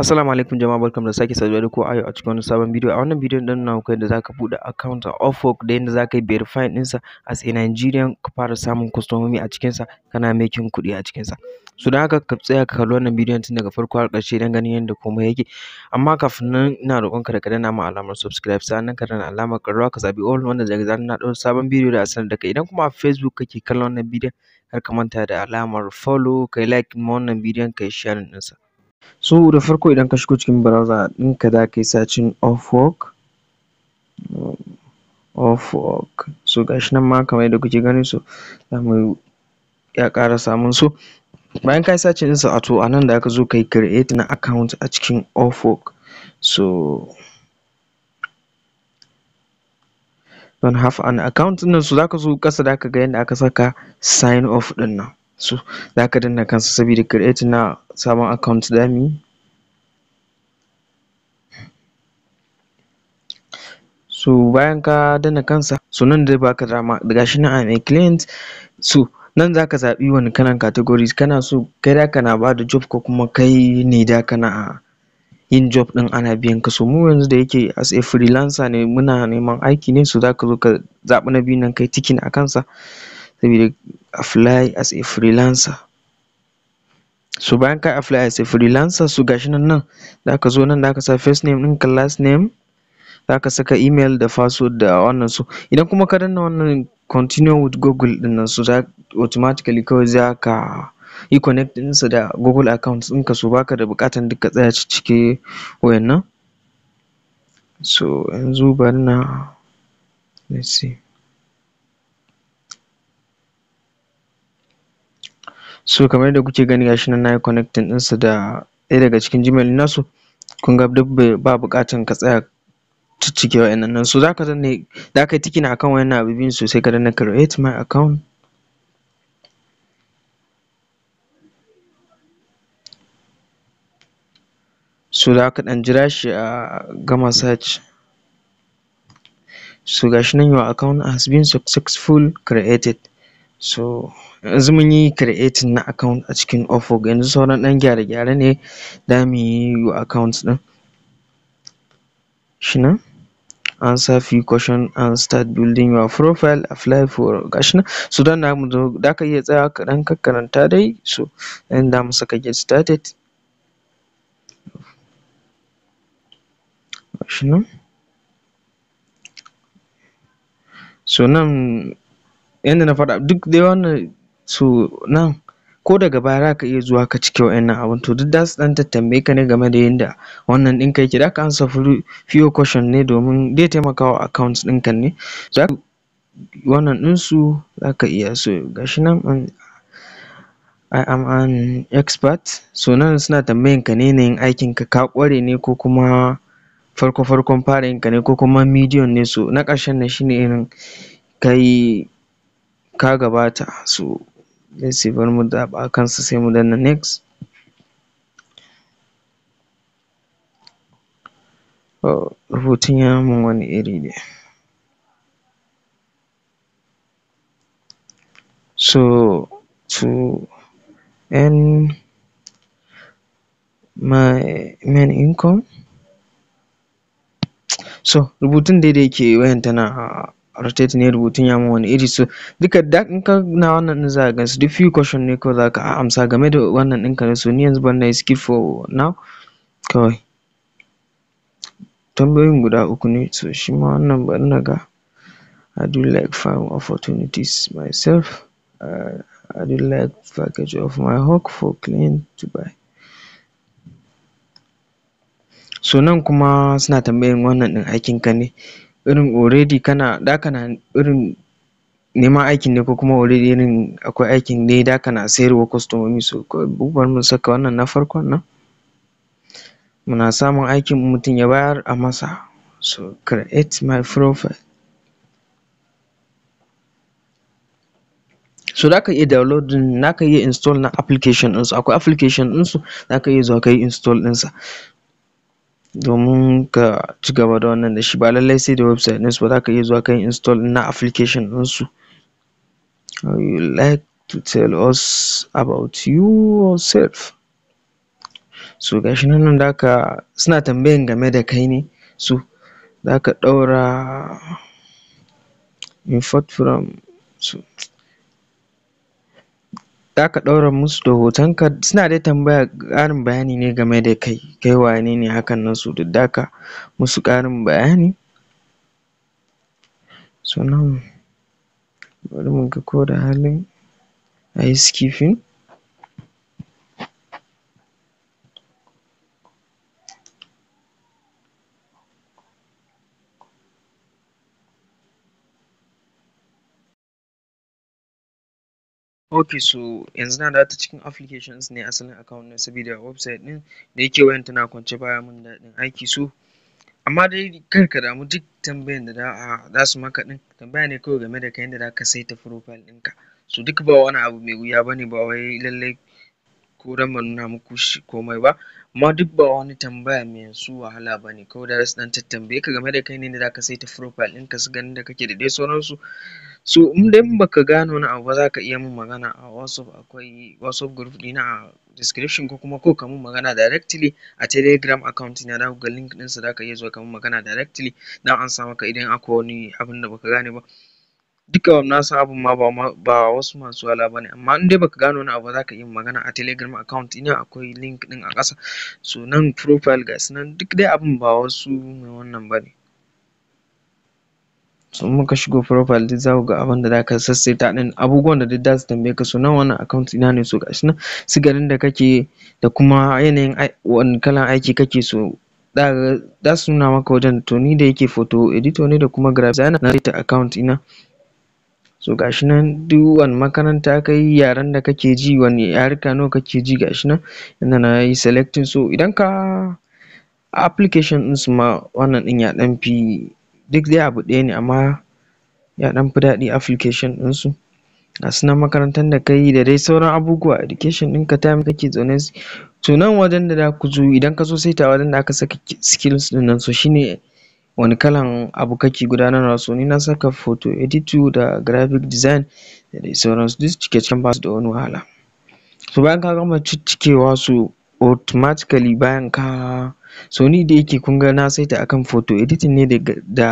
Assalamu alaikum jama'a barkam da sake saduwa da ku a yau a cikin wani sabon bidiyo. A wannan bidiyon dan nuna kai yadda zaka buɗe account a Upwork da yanda zaka yi din ɗinsa as a Nigerian ka fara samun kwastomomi a cikin sa kana making kuɗi a cikin sa. So don haka ka tsaya ka kalli wannan bidiyon tun daga farko har karshe don ganin yadda komai yake. Amma kafin nan ina roƙon ka da ka danna mu alamar subscribe sannan ka danna alamar ƙararrawa ka zabi all wanda daga zarar na ɗaura sabon bidiyo da a sanar da kai. Idan kuma a Facebook kake kallon wannan bidiyon kar ka manta da alamar follow kai like mu wannan bidiyon kai din sa So da farko idan ka shigo cikin browser ɗinka za ka yi searching of work So gashi nan ma kamar yadda kuke gani so za mu ya ƙara samun so. Bayan ka yi searching ɗinsa a to a nan da ka zo ka yi na account a cikin work So don have an account ɗin nan so za zo ƙasa da ka ga yadda aka saka sign up ɗin nan. so za ka danna kansa saboda create na sabon account zamuyi so bayan ka danna kansa so nan zai baka dama shi nan I'm a client so nan zaka zaɓi wani kanan categories kana so kai da kana da job ko kuma kai ne da kana yin job ɗin ana biyan ka so mu yanzu da yake as a freelancer ne muna neman aiki ne so zaka zo ka zaɓi na biyu nan kai tikin a kansa sabida apply as a freelancer so bayan ka apply as a freelancer so gashi nan nan ka zo nan ka sa first name ɗinka last name za ka saka email da password da wannan so idan kuma ka danna wannan continue with google ɗin nan so automatically kawai zaka yi connect ɗinsa da google account ɗinka so baka da buƙatar duka tsaya cike wayannan. so yanzu bari na let's see so kamar yadda kuke gani gashi nan nayi connecting ɗinsa da ɗaya daga cikin gmail nasu kun ga duk ba buƙatan ka tsaya ciccike wa'innan nan so zaka danne zaka yi ticking akan wa'innan abu biyun so sai ka danna create my account so zaka ɗan jira shi a gama search so gashi nan your account has been successful created so yanzu yi creating na account a cikin opay yanzu sauran ɗan gyare-gyare ne yi wa account ɗin gashi nan answer few question and start building your profile apply for gashi nan so nan mu zo ka iya tsayawa ka ɗan kakkaranta dai so da mu saka get started gashi nan so nan yanda na faɗa duk dai wannan su nan ko daga baya za ka iya zuwa ka cike wa'annan abun to duk za su ɗan tattambaye ka ne game da yadda wannan ɗinka yake da ka ansa fiyo question ne domin dai taimakawa account ɗinka ne za wannan ɗinsu za ka iya so gashi nan I am an expert so nan suna tambayan ka ne yanayin aikin ka ka ƙware ne ko kuma farko farkon fara yin ka ne ko kuma medium ne so na ƙarshen nan shine irin kai ka gabata so zai sai bari mu zaɓa a kansa sai mu danna next oh, rubutun ya mun wani iri ne so to earn my main income so rubutun dai da yake na. tana rotate ne rubutun ya wani iri so duka da in ka na wannan din za ka gansu duk few question ne ko za ka amsa game da wannan ɗinka ne so ni yanzu ban na skip for now kawai tambayoyin guda uku ne so shi ma wannan bari na ga I do like farm opportunities myself uh, I do like package of my hawk for clean to buy so nan kuma suna tambayin wannan aikin ka ne irin already kana da kana irin neman aikin ne ko kuma already irin akwai aikin ne da kana sayarwa kwastomomi so bar mu saka wannan na farkon nan muna samun aikin mutum ya bayar a masa so create my profile so da ka iya downloading na ka iya install na application ɗinsu akwai application ɗinsu za ka iya zuwa ka yi install ɗinsa domin ka ci gaba da wannan da shi ba lallai sai da website ɗinsu ba za ka iya zuwa kan install na application ɗinsu how you like to tell us about yourself so shi nan da ka suna tambayin game da kai ne so ka ɗaura in from zaka ɗaura musu da hoton ka suna dai tambaya ƙarin bayani ne game da kai kai wane ne hakan nan su duk musu ƙarin bayani sannan bari mu ga ko da halin ayi skipping Ok so yanzu na da ta cikin applications ne asalin account na saboda website din da yake wayan tana kwance baya mun daɗin aiki so amma dai kar ka damu duk tambayan da za su maka din tambaya ne kawai game da kai yadda zaka saita profile ɗinka so duk ba wani abu mai wuya bane ba wai lallai ko dan ban nuna muku shi komai ba amma duk ba wani tambaya mai su wahala bane kawai da su ɗan tattambaye ka game da kai ne da zaka saita profile ɗinka su ganin da kake da dai sauransu So in dai ba ka gane wani abu ba za ka iya mun magana a WhatsApp. Akwai WhatsApp group dina a description ko kuma ko ka mun magana directly a Telegram account na da ga link su za ka iya zuwa ka mun magana directly. an sa maka idan akwai wani abun da ba ka gane ba. Duka na san ma ba wasu masu wala ba ne. Amma in dai ba ka wani abu za ka iya magana a Telegram account ina Akwai link din a ƙasa. sunan nan profile ga su duk dai abun ba wasu mai wannan ba ne. in muka shigo profile duk za ku ga abin da za ka sassaita ɗin abubuwan da duk za su tambaye ka sunan wannan account ina ne so gashi nan sigarin da kake da kuma yanayin wani kalan aiki kake so da su nuna maka wajen to ni da yake photo editor ne da kuma graphic designer na rita account ina so gashi nan duk wani makaranta ka yi yaren da kake ji wani yarika nawa kake ji gashi nan inda na yi selecting so idan ka application ɗin su ma wannan ɗin ya ɗan fi duk dai abu ɗaya ne amma ya ɗan fi daɗi application ɗinsu ga su nan makarantar da ka da dai sauran abubuwa education ka time kake zaune to nan wajen da za ku zo idan ka zo saita wajen da aka saka skills ɗin nan so shine wani kalan abu kake gudanarwa so ni na saka photo editing da graphic design da dai sauransu duk cike ba su da wani wahala so bayan ka gama ciccikewa su automatically bayan ka So ni da yake kun ga na saita akan photo editing ne da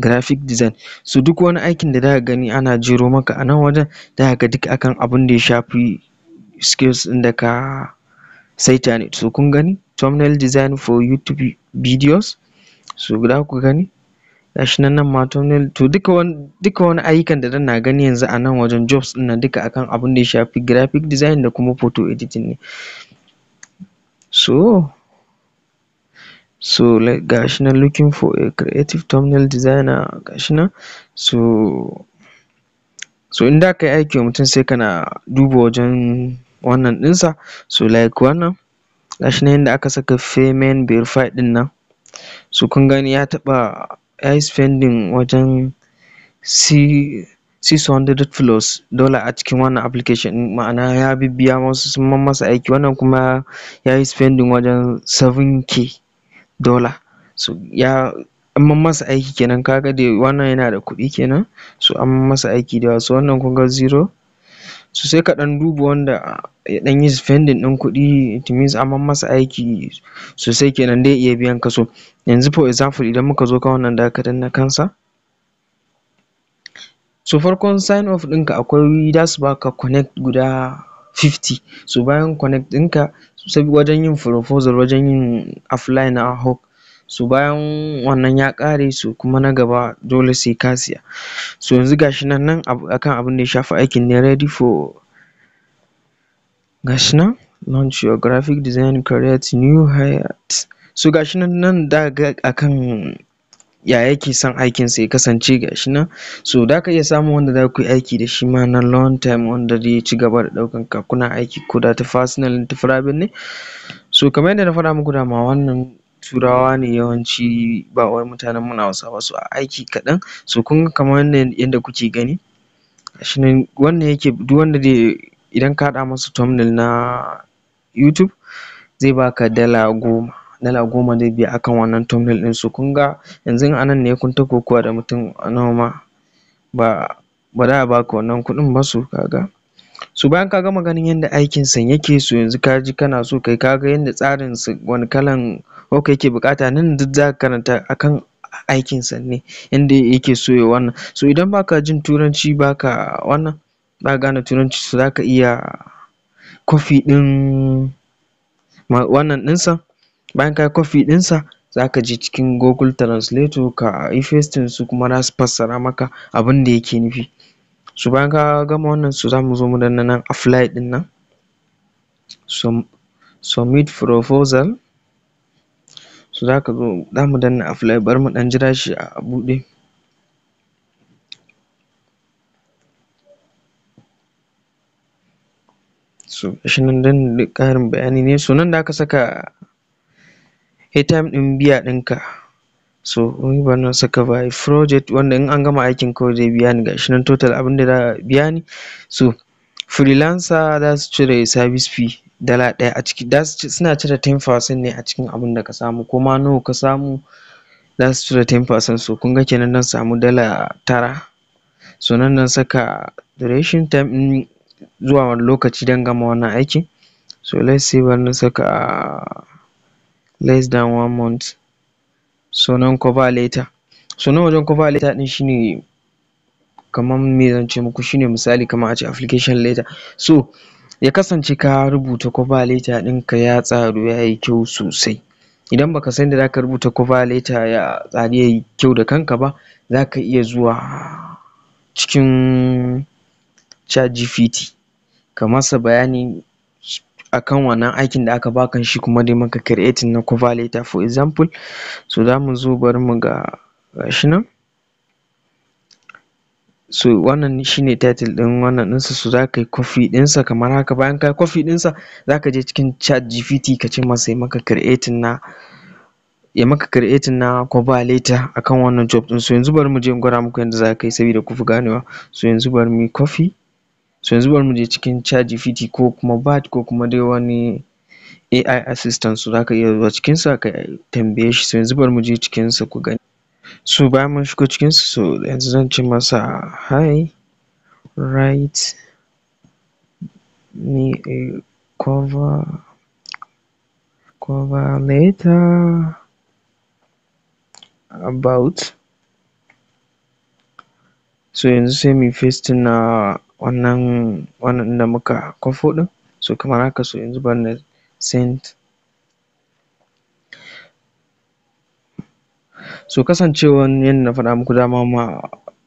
graphic design. So duk wani aikin da zaka gani ana jero maka a nan wajen zaka ga duk akan abun da ya shafi skills ɗin da ka saita ne. So kun gani thumbnail design for YouTube videos. So da ku gani gashi nan nan ma thumbnail to duka wani duka wani ayyukan da na gani yanzu a nan wajen jobs ɗin nan duka akan abun da ya shafi graphic design da kuma photo editing ne. So. so like gashi nan looking for a creative thumbnail designer gashi nan so so in da ka yi aiki wa mutum sai kana duba wajen wannan ɗinsa so like wannan gashi nan yadda aka saka payment verified din nan so kun gani ya taba ya yi spending wajen si 600 plus dollar a cikin wannan application ma'ana ya bibbiya masu sun masa aiki wannan kuma ya yi spending wajen 7k dola so ya an man masa aiki kenan kaga da wannan yana da kuɗi kenan so an masa aiki da wasu wannan kun ga zero so sai ka ɗan duba wanda ah, ya ɗan yi spending ɗin kuɗi it means an man masa aiki sosai kenan dai iya biyan ka so yanzu for example idan muka zo ka wannan da na danna kansa so farkon sign off ɗinka akwai za su baka connect guda 50 so bayan connect ɗinka wajen yin proposal wajen yin apply na hawk. so bayan wannan ya ƙare so kuma na gaba dole sai ka siya so yanzu gashi nan nan akan abin da ya shafi aikin ne ready for gashi nan launch your graphic design career to new heights so gashi nan nan da akan ya yake son aikinsa ya kasance gashi nan so da ka iya samun wanda za ku yi aiki da shi ma na long time wanda zai ci gaba da ɗaukan ka kuna aiki ko da ta personal ta private ne so kamar yadda na faɗa muku dama wannan turawa ne yawanci ba wai mutanen muna wasa ba su a aiki kaɗan so kun ga kamar yadda kuke gani gashi nan wannan yake duk wanda zai idan ka haɗa masa thumbnail na YouTube zai baka dala goma dala goma da biya akan wannan thumbnail ɗin su kun ga yanzu a nan ne kun ta kokuwa da mutum nawa ma ba ba za a baka wannan kuɗin ba ka ga su bayan ka gama ganin yanda aikin sa yake so yanzu ka ji kana so kai ka ga yanda tsarin su wani kalan work yake buƙata nan duk ka karanta akan aikin sa ne yanda yake so yayi wannan so idan baka jin turanci baka wannan ka gane turanci so ka iya kofi ɗin wannan ɗin sa bayan kayi copy ɗinsa zaka je cikin google translator ka yi pasting su kuma za su fassara maka da yake nufi so bayan ka gama wannan za zamu zo mu danna nan apply ɗin nan submit proposal so zaka zo za mu danna apply bar mu ɗan jira shi a buɗe so gashi nan ƙarin bayani ne so nan aka saka airtime ɗin biya ɗinka so ni bana saka by project wanda in an gama aikin kawai zai biya ni gashi nan total abin da za a biya ni so freelancer za su cire service fee dala ɗaya a ciki suna cire 10% ne a cikin abin da ka samu ko ma nawa ka samu za su cire 10% so kun ga kenan samu dala tara so nan nan saka duration time ɗin zuwa wani lokaci don gama wannan aikin so let's say bari na saka less than one month sunan cover letter sunan wajen cover letter din shine kamar me zan ce muku shine misali kamar a ce application letter so ya kasance ka rubuta cover letter ɗinka ya tsaro ya yi kyau sosai idan baka san da zaka rubuta cover letter ya tsari yayi kyau da kanka ba zaka iya zuwa cikin chat gpt ka masa bayani akan wannan aikin da aka baka shi kuma dai maka creating na cover letter for example so zamu zo bari mu ga gashi nan so wannan shine title din wannan ɗinsa so zaka yi copy ɗinsa kamar haka bayan kayi copy ɗinsa zaka je cikin chat GPT ka ce masa ya maka creating na ya maka creating na cover akan wannan job ɗin so yanzu bari mu je in gwada muku yadda zaka yi sabida ku fi ganewa so yanzu bari muyi copy So yanzu bari mu je cikin ChatGPT ko kuma Bard ko kuma dai wani AI assistant so zaka iya zuwa cikin sa ka tambaye shi so yanzu bari mu je cikin sa ku gani. So bayan mun shigo cikin sa so yanzu zan ce masa hi right, me a cover cover letter about so yanzu sai mu yi pasting na wannan wannan da muka kwafo ɗin so kamar haka so yanzu bari na send so kasancewan yanda na faɗa muku dama ma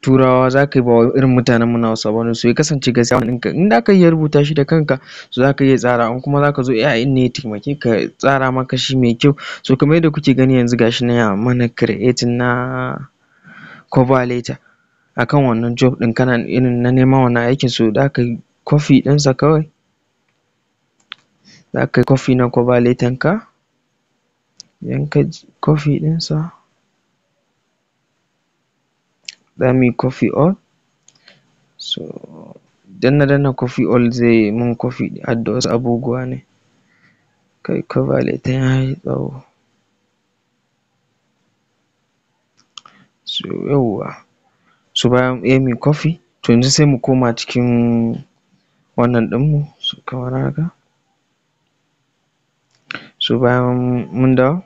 turawa za ka yi ba wai irin mutanen mu na Hausa ba ne so ya kasance gaskiya wannan ɗinka in za ka iya rubuta shi da kanka so za ka iya tsarawa in kuma za ka zo AI ɗin ne ya taimake ka ya tsara maka shi mai kyau so kamar yadda kuke gani yanzu ga shi nan ya mana creating na cover letter akan wannan job ɗin kana irin na neman wannan aikin so zaka yi copy ɗinsa kawai za ka yi copy na cover letter ka idan ka yi copy ɗinsa za mu yi copy all so idan na danna copy all zai yi min copy har da wasu abubuwa ne kai cover letter yi tsawo so yawwa su bayan mai coffee to yanzu sai mu koma cikin wannan ɗinmu kamar haka su bayan mun dawo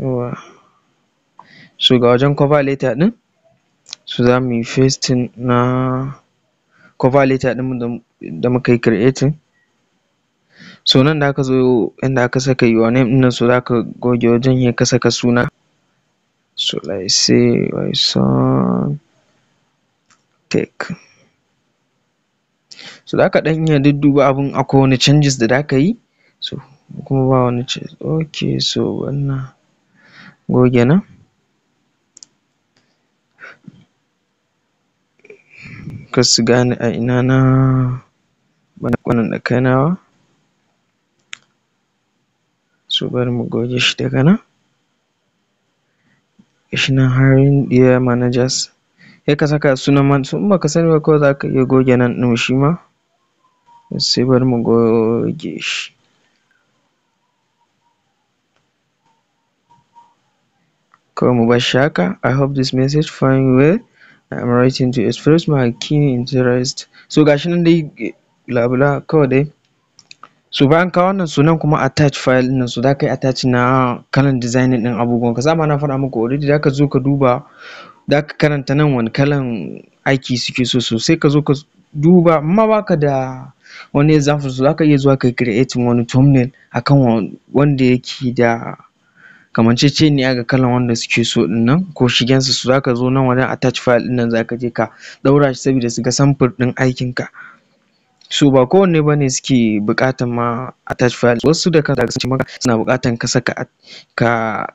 yawwa so ga wajen cover letter ɗin su za mu yi pasting na cover letter ɗinmu da muka yi creating sunan nan da aka zo inda aka saka your name ɗin so za ka goge wajen ya ka saka suna so like say my son take so da ka ɗan iya dudduba abin akwai wani changes da da ka yi so kuma ba wani changes ok so wannan goge nan kar su gane a ina na wannan da kai nawa su bari mu goge shi daga nan gashi nan hiring dear managers sai ka saka sunan in baka sani ba kawai zaka iya goge nan ɗin shi ma sai bari mu goge shi kawai mu ba shi haka I hope this message find you well I am writing to express my keen interest so gashi nan dai labula kawai dai so bayan ka wannan sunan kuma attach file ɗin za zaka yi attach na kalan design ɗin abubuwan ka zama na faɗa muku already zaka zo ka duba zaka karanta nan wani kalan aiki suke so sosai ka zo ka duba amma baka da wani example so zaka iya zuwa yi creating wani thumbnail akan wanda yake da kamanceceniya ga kalan wanda suke so din nan ko shigensu su zaka zo nan wajen attach file din nan zaka je ka ɗaura shi saboda su ga samfur ɗin aikin ka so ba kowanne ba ne suke bukatan ma attach file wasu da kansu sun ce maka suna bukatan ka saka ka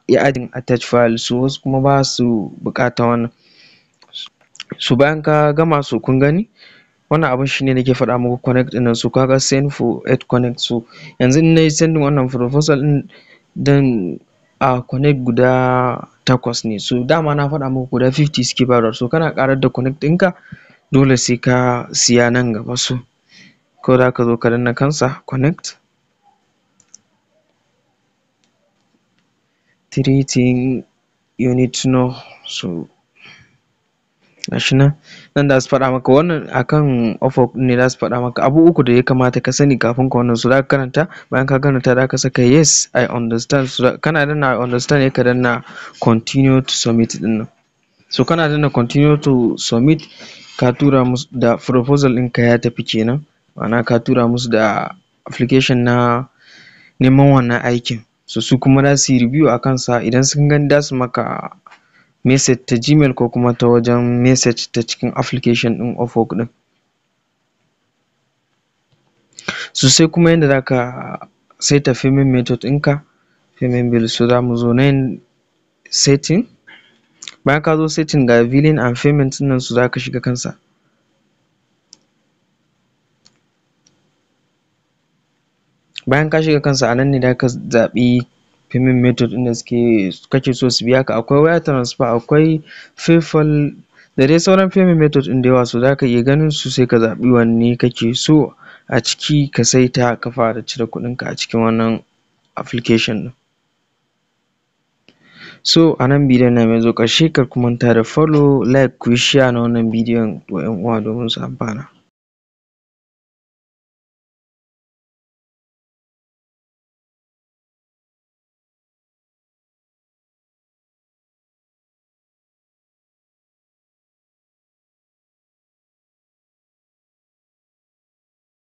yi adin attach file so wasu kuma ba su bukatan wannan so bayan ka gama so kun gani wannan abin shine nake faɗa muku connect din nan so kaga send for at connect so yanzu in nayi sending wannan proposal ɗin dan a connect guda takwas ne so dama na faɗa muku guda 50 suke bayarwa so kana karar da connect ɗinka dole sai ka siya nan gaba so ko za ka zo ka danna kansa connect treating unit you need to know so gashi nan nan za su faɗa maka wannan akan offer ne za su faɗa maka abu uku da ya kamata ka sani kafin ka wannan su za ka karanta bayan ka karanta za ka saka yes i understand so kana danna i understand ne ka danna continue to submit din nan so kana danna continue to submit ka tura musu da proposal ɗinka ya tafi kenan ma'ana ka tura musu da application na neman wannan aikin so su kuma za su yi review a kansa idan sun gani za su maka message ta gmail ko kuma ta wajen message ta cikin application ɗin upwork ɗin so sai kuma yadda za ka saita payment method ɗinka payment bill so za mu zo nan setting bayan ka zo setting ga billing and payment ɗin nan so za ka shiga kansa bayan ka shiga kansa a nan ne ka zaɓi payment method ɗin kake so su biya ka akwai wire transfer akwai paypal da dai sauran payment method ɗin da yawa so ka iya ganin su sai ka zaɓi wanne kake so a ciki ka saita ka fara cire kuɗin ka a cikin wannan application ɗin so a nan bidiyon na mai zo ƙarshe kar ku manta da follow like ku yi share na wannan bidiyon wa 'yan uwa domin su amfana